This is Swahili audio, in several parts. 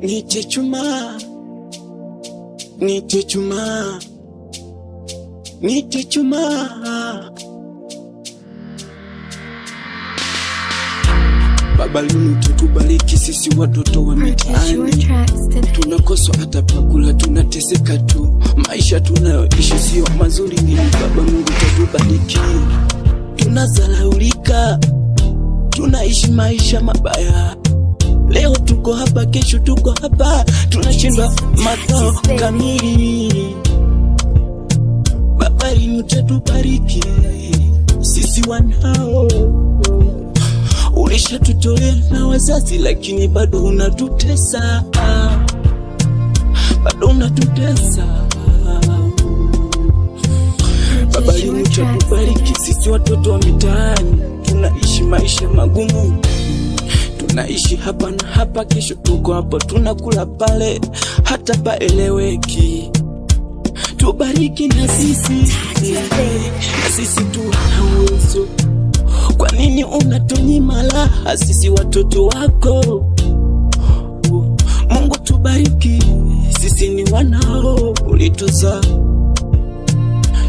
nitechuma, nitechuma, nitechuma. Baba lini utatubariki sisi watoto wa mitaani, tunakoswa hata pakula, tunateseka tu. Maisha tunayoishi sio mazuri. Nini Baba Mungu tatubariki, tunazalaulika, tunaishi maisha mabaya Leo tuko hapa, kesho tuko hapa, tunashindwa makao kamili. Baba utatubariki sisi wanao, ulishatutolea na wazazi, lakini bado unatutesa, bado unatutesa Baba utatubariki sisi watoto wa mitaani tunaishi maisha magumu. Naishi hapa na hapa, kesho tuko hapo, tunakula pale, hata paeleweki. Tubariki na sisi na sisi tu uwezo. Kwa nini unatonyima raha? Sisi watoto wako, Mungu tubariki, sisi ni wanao ulituzaa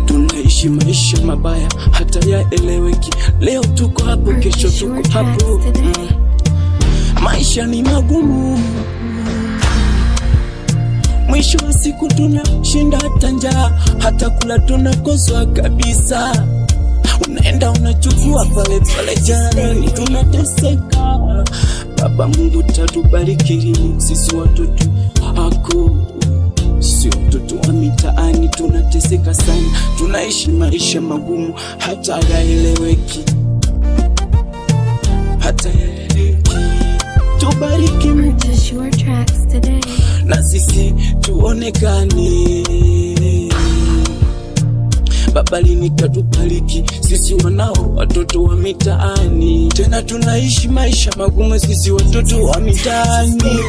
tunaishi maisha mabaya hata yaeleweki. Leo tuko hapo, kesho tuko hapo. Mm maisha ni magumu, mwisho wa siku tunashinda hata njaa, hata kula tunakoswa kabisa. Unaenda unachukua pale pale, jarani tunateseka. Baba Mungu tatubariki sisi watoto ako Sisi watoto wa mitaani, tunateseka sana, tunaishi maisha magumu, hata hayaeleweki, hata hayaeleweki tubariki na sisi tuonekani babalini lini katubariki sisi wanao watoto wa mitaani, tena tunaishi maisha magumu sisi watoto wa mitaani.